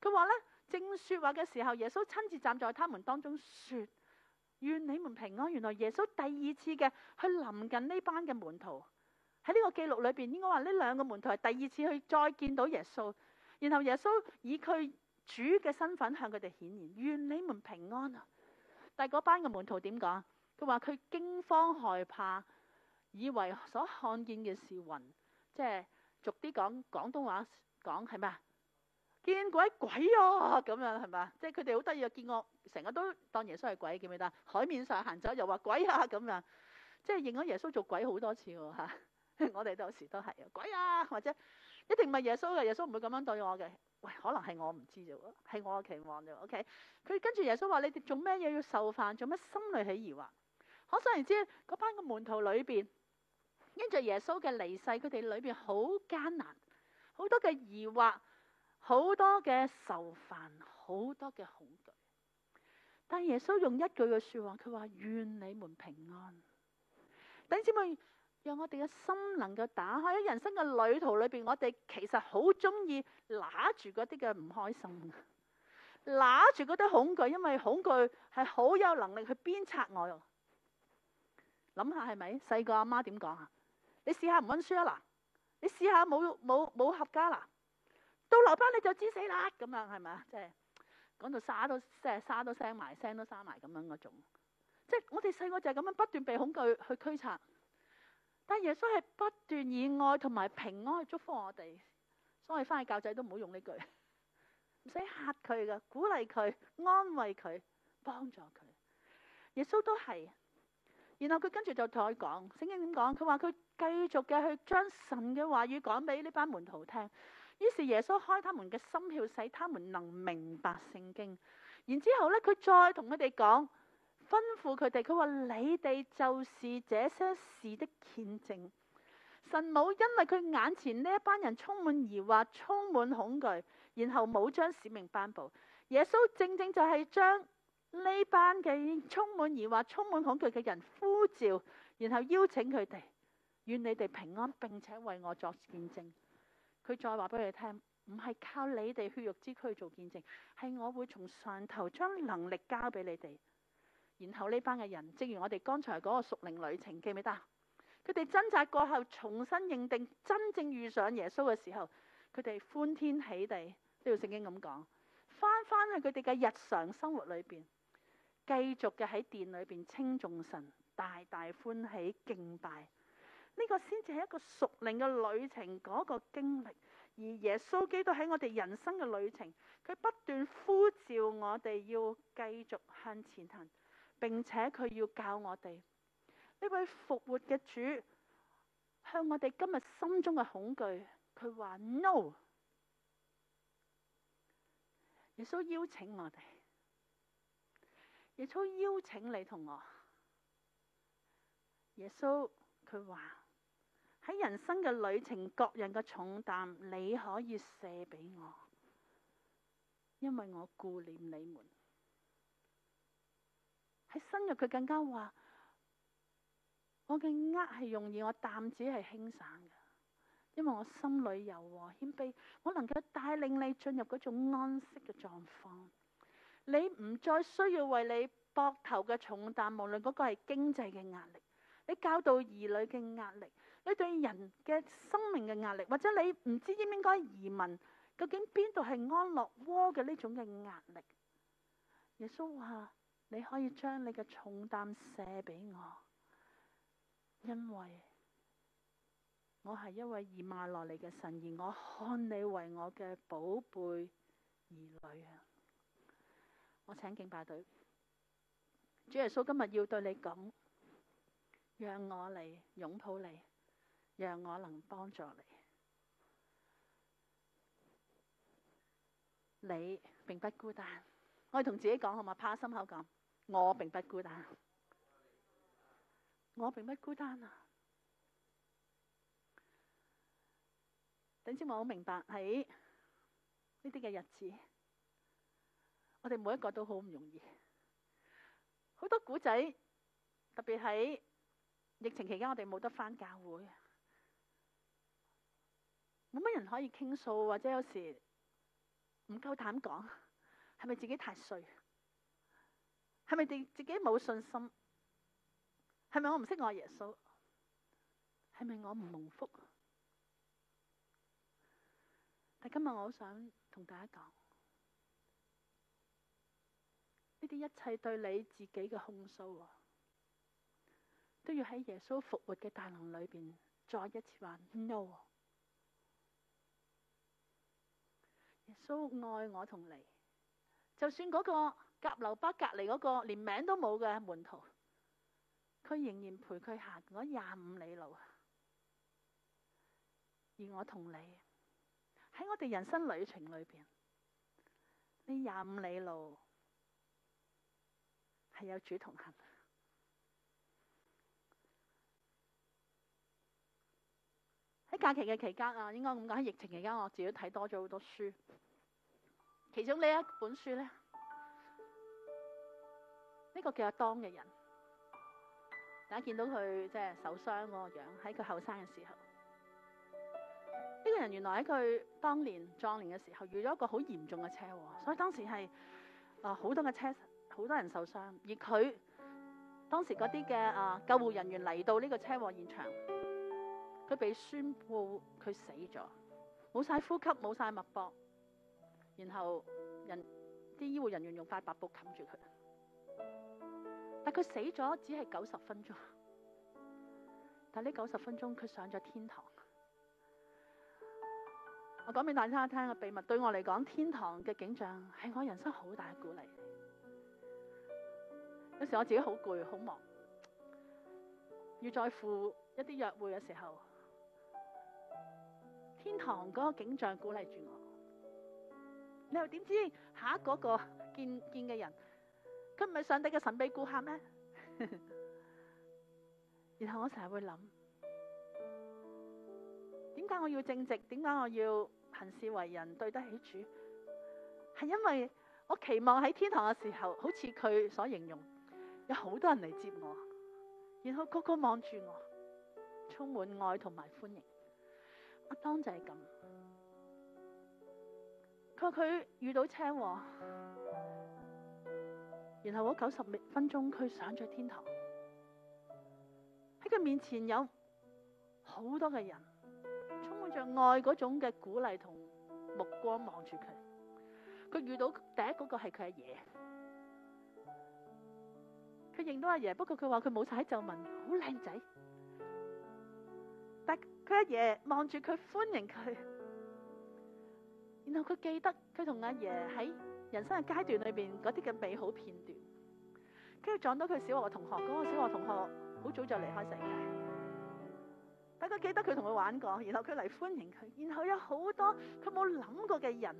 佢話咧，正說話嘅時候，耶穌親自站在他們當中，說：願你們平安。原來耶穌第二次嘅去臨近呢班嘅門徒，喺呢個記錄裏邊，應該話呢兩個門徒係第二次去再見到耶穌。然後耶穌以佢主嘅身份向佢哋顯現：願你們平安。但係嗰班嘅門徒點講？佢話佢驚慌害怕，以為所看見嘅是魂。即係俗啲講廣東話講係咩？見鬼鬼啊！咁樣係嘛？即係佢哋好得意啊！見我成日都當耶穌係鬼，記唔記得？海面上行走,走又話鬼啊！咁樣即係認咗耶穌做鬼好多次吓。啊、 我哋當時都係啊，鬼啊！或者一定唔係耶穌嘅，耶穌唔會咁樣對我嘅。喂，可能係我唔知啫，係我嘅期望啫。O K。佢跟住耶穌話：你哋做咩嘢要愁煩？做乜心裏起疑惑？可想而知，嗰班嘅門徒裏邊，跟住耶穌嘅離世，佢哋裏邊好艱難，好多嘅疑惑。好多嘅愁煩，好多嘅恐懼，但耶穌用一句嘅說話，佢話願你們平安。弟兄姊妹，讓我哋嘅心能夠打開。喺人生嘅旅途裏邊，我哋其實好中意揦住嗰啲嘅唔開心，揦住嗰啲恐懼，因為恐懼係好有能力去鞭策我。諗下係咪？細個阿媽點講啊？你試下唔温書啊嗱，你試下冇冇冇合家嗱。到留班你就知死啦，咁樣，係咪啊？即係講到沙都，即係沙都聲埋，聲都沙埋咁樣嗰種，即係我哋細個就係咁樣不斷被恐懼去驅策，但耶穌係不斷以愛同埋平安去祝福我哋。所以翻去教仔都唔好用呢句，唔使嚇佢㗎，鼓勵佢，安慰佢，幫助佢。耶穌都係，然後佢跟住就同佢講聖經點講？佢話佢繼續嘅去將神嘅話語講俾呢班門徒聽。於是耶穌開他們嘅心竅，使他們能明白聖經。然之後呢，佢再同佢哋講，吩咐佢哋，佢話，你哋就是這些事的見證。神冇因為佢眼前呢一班人充滿疑惑，充滿恐懼，然後冇將使命頒布。耶穌正正就係將呢班嘅充滿疑惑，充滿恐懼嘅人呼召，然後邀請佢哋，願你哋平安，並且為我作見證。佢再話俾你聽，唔係靠你哋血肉之軀做見證，係我會從上頭將能力交俾你哋。然後呢班嘅人，正如我哋剛才嗰個屬靈旅程，記唔記得？佢哋掙扎過後，重新認定真正遇上耶穌嘅時候，佢哋歡天喜地。呢度聖經咁講，翻翻去佢哋嘅日常生活裏邊，繼續嘅喺殿裏邊稱頌神，大大歡喜敬拜。呢個先至係一個屬靈嘅旅程，嗰個經歷。而耶穌基督喺我哋人生嘅旅程，佢不斷呼召我哋要繼續向前行，並且佢要教我哋。呢位復活嘅主向我哋今日心中嘅恐懼，佢話 no。耶穌邀請我哋，耶穌邀請你同我。耶穌佢話。喺人生嘅旅程，各人嘅重擔，你可以卸俾我，因為我顧念你們喺深入。佢更加話：我嘅軛係容易，我擔子係輕省嘅，因為我心裏有和謙卑，我能夠帶領你進入嗰種安息嘅狀況。你唔再需要為你膊頭嘅重擔，無論嗰個係經濟嘅壓力，你教導兒女嘅壓力。你對人嘅生命嘅壓力，或者你唔知應唔應該移民，究竟邊度係安樂窩嘅呢種嘅壓力？耶穌話：你可以將你嘅重擔卸俾我，因為我係一位以馬內利嘅神，而我看你為我嘅寶貝兒女啊！我請敬拜隊，主耶穌今日要對你講：讓我嚟擁抱你。讓我能幫助你，你並不孤單。我可以同自己講，好嘛，怕心口講，我並不孤單，我並不孤單啊！等先，我好明白喺呢啲嘅日子，我哋每一個都好唔容易。好多古仔，特別喺疫情期間，我哋冇得返教會。冇乜人可以傾訴，或者有時唔夠膽講，係咪自己太衰？係咪自己冇信心？係咪我唔識愛耶穌？係咪我唔蒙福？但今日我好想同大家講，呢啲一切對你自己嘅控訴啊，都要喺耶穌復活嘅大能裏面再一次話 no。耶穌、so, 愛我同你，就算嗰個革流巴隔籬嗰個連名都冇嘅門徒，佢仍然陪佢行嗰廿五里路。而我同你喺我哋人生旅程裏邊，呢廿五里路係有主同行。假期嘅期間啊，應該咁講喺疫情期間，我自己睇多咗好多書。其中呢一本書咧，呢個叫阿當嘅人，大家見到佢即係受傷嗰個樣，喺佢後生嘅時候，呢個人原來喺佢當年壯年嘅時候遇咗一個好嚴重嘅車禍，所以當時係啊好多嘅車好多人受傷，而佢當時嗰啲嘅啊救護人員嚟到呢個車禍現場。佢被宣佈佢死咗，冇晒呼吸，冇晒脈搏，然後人啲醫護人員用塊白布冚住佢。但佢死咗只係九十分鐘，但呢九十分鐘佢上咗天堂。我講俾大家聽個秘密，對我嚟講，天堂嘅景象係我人生好大嘅鼓勵。有時我自己好攰好忙，要再赴一啲約會嘅時候。天堂嗰個景象鼓勵住我，你又點知下一個嗰個見見嘅人，佢唔係上帝嘅神秘顧客咩？ 然後我成日會諗，點解我要正直？點解我要行事為人對得起主？係因為我期望喺天堂嘅時候，好似佢所形容，有好多人嚟接我，然後個個望住我，充滿愛同埋歡迎。當就係咁，佢話佢遇到車禍，然後嗰九十分鐘佢上咗天堂，喺佢面前有好多嘅人，充滿着愛嗰種嘅鼓勵同目光望住佢。佢遇到第一嗰個係佢阿爺，佢認到阿爺，不過佢話佢冇晒喺皺紋，好靚仔，佢阿爺望住佢歡迎佢，然後佢記得佢同阿爺喺人生嘅階段裏邊嗰啲嘅美好片段，跟住撞到佢小學嘅同學，嗰個小學同學好早就離開世界，大家記得佢同佢玩過，然後佢嚟歡迎佢，然後有好多佢冇諗過嘅人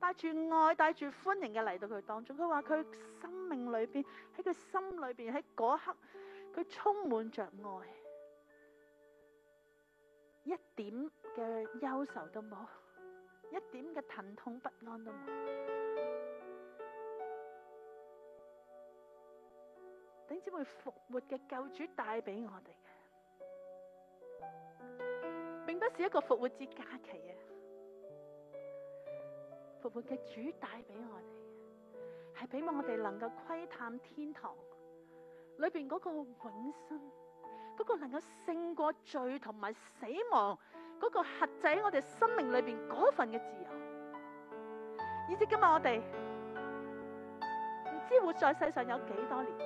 帶住愛帶住歡迎嘅嚟到佢當中，佢話佢生命裏邊喺佢心裏邊喺嗰刻佢充滿着愛。一點嘅憂愁都冇，一點嘅疼痛、不安都冇。點只會復活嘅救主帶俾我哋嘅，並不是一個復活節假期啊！復活嘅主帶俾我哋，係希望我哋能夠窺探天堂裏邊嗰個永生。嗰個能夠勝過罪同埋死亡嗰個核仔，喺我哋生命裏邊嗰份嘅自由。以至今日我哋唔知活在世上有幾多年，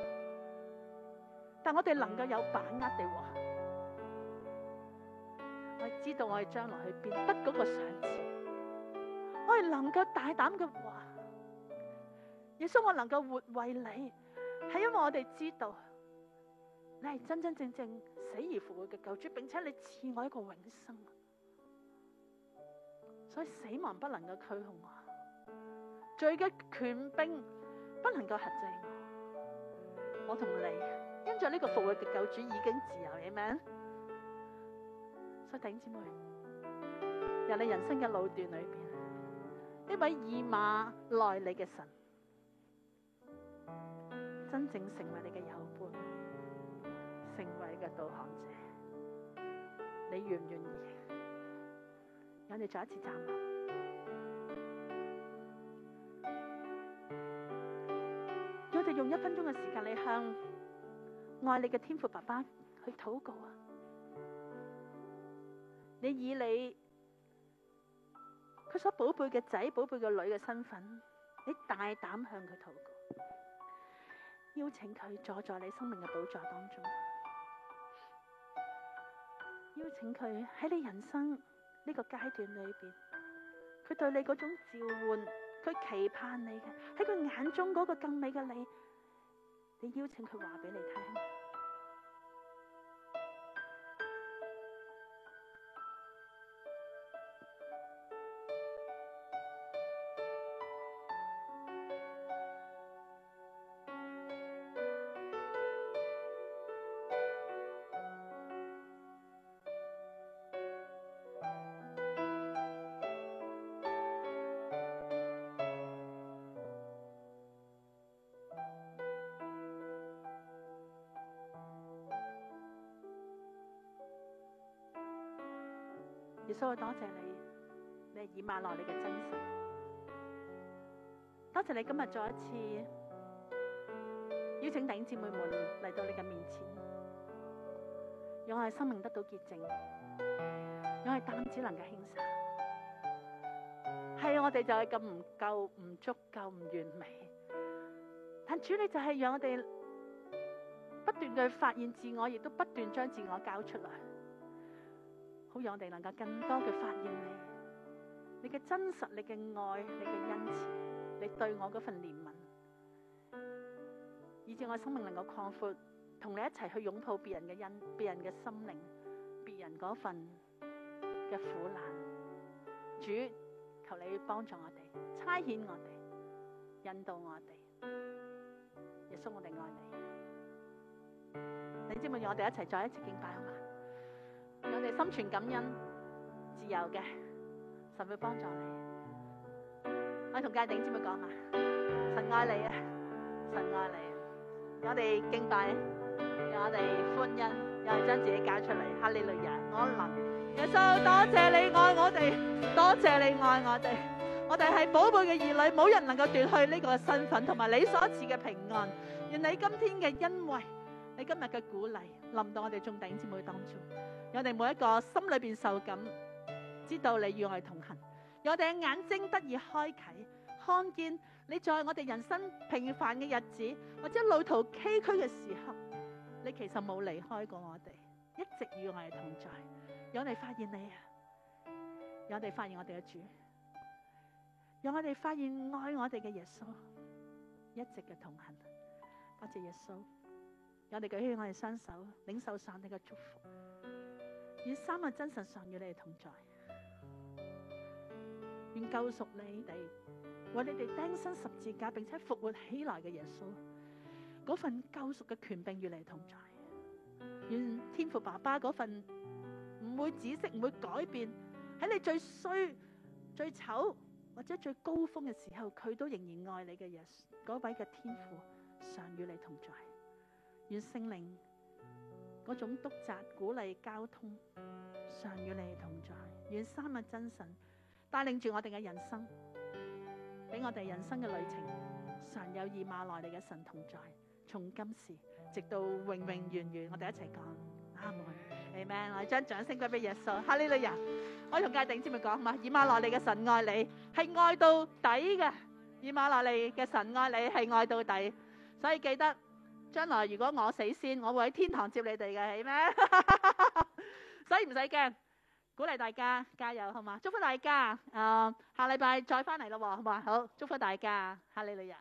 但我哋能夠有把握地話，我知道我哋將來去邊得嗰個上次。我哋能夠大膽嘅話，耶穌我能夠活為你，係因為我哋知道。你係真真正正死而復活嘅救主，並且你賜我一個永生，所以死亡不能夠驅控我，罪嘅權柄不能夠限制我，我同你，因着呢個復活嘅救主已經自由嘅，Amen？所以弟兄姊妹，由你人生嘅路段裏邊，呢位以馬內利嘅神，真正成為你嘅友伴。聖位嘅導航者，你願唔願意？我哋再一次站立，我哋用一分鐘嘅時間嚟向愛你嘅天父爸爸去禱告啊！你以你佢所寶貝嘅仔、寶貝嘅女嘅身份，你大膽向佢禱告，邀請佢坐在你生命嘅寶座當中。邀請佢喺你人生呢個階段裏邊，佢對你嗰種召喚，佢期盼你嘅喺佢眼中嗰個更美嘅你，你邀請佢話俾你聽。耶穌，我多謝你，你以馬內你嘅真實，多謝你今日再一次邀請弟兄姊妹們嚟到你嘅面前，讓我哋生命得到潔淨，讓我哋擔子能夠輕省。係啊，我哋就係咁唔夠、唔足夠、唔完美，但主你就係讓我哋不斷去發現自我，亦都不斷將自我交出來。好讓我哋能夠更多嘅發現你，你嘅真實，你嘅愛，你嘅恩賜，你對我份憐憫，以至我生命能夠擴闊，同你一齊去擁抱別人嘅恩，別人嘅心靈，別人嗰份嘅苦難。主，求你幫助我哋，差遣我哋，引導我哋。耶穌，我哋愛你。你知唔知？我哋一齊再一次敬拜好嘛？我哋心存感恩，自由嘅神會幫助你。我同界頂姊妹講嘛，神愛你啊，神愛你。愛你我哋敬拜，我哋歡欣，又係將自己交出嚟。哈利路亞。我能。耶穌，多謝你愛我哋，多謝你愛我哋。我哋係寶貝嘅兒女，冇人能夠奪去呢個身份，同埋你所賜嘅平安。願你今天嘅恩惠。你今日嘅鼓勵臨到我哋眾弟兄姊妹當中，讓我哋每一個心裏邊受感，知道你與我哋同行；讓我哋嘅眼睛得以開啟，看見你在我哋人生平凡嘅日子，或者路途崎嶇嘅時刻，你其實冇離開過我哋，一直與我哋同在。讓我哋發現你啊！讓我哋發現我哋嘅主，讓我哋發現愛我哋嘅耶穌，一直嘅同行。多謝耶穌。我哋舉起，我哋雙手領受上帝嘅祝福，願三位真神常與你哋同在，願救贖你哋、為你哋釘身十字架並且復活起來嘅耶穌，嗰份救贖嘅權柄與你同在，願天父爸爸嗰份唔會紫色、唔會改變，喺你最衰、最醜或者最高峰嘅時候，佢都仍然愛你嘅耶穌嗰位嘅天父常與你同在。願聖靈嗰種督責、鼓勵、交通，常與你同在；願三一真神帶領住我哋嘅人生，俾我哋人生嘅旅程，常有以馬內利嘅神同在，從今時直到永永遠遠，我哋一齊講阿門。Amen！我哋將掌聲歸俾耶穌。哈利路亞，我同阿頂志咪講嘛，以馬內利嘅神愛你，係愛到底嘅；以馬內利嘅神愛你，係愛到底，所以記得。將來如果我死先，我會喺天堂接你哋嘅，起咩？所以唔使驚，鼓勵大家加油，好嘛？祝福大家，誒、呃，下禮拜再翻嚟咯，好嘛？好，祝福大家，哈利路亞。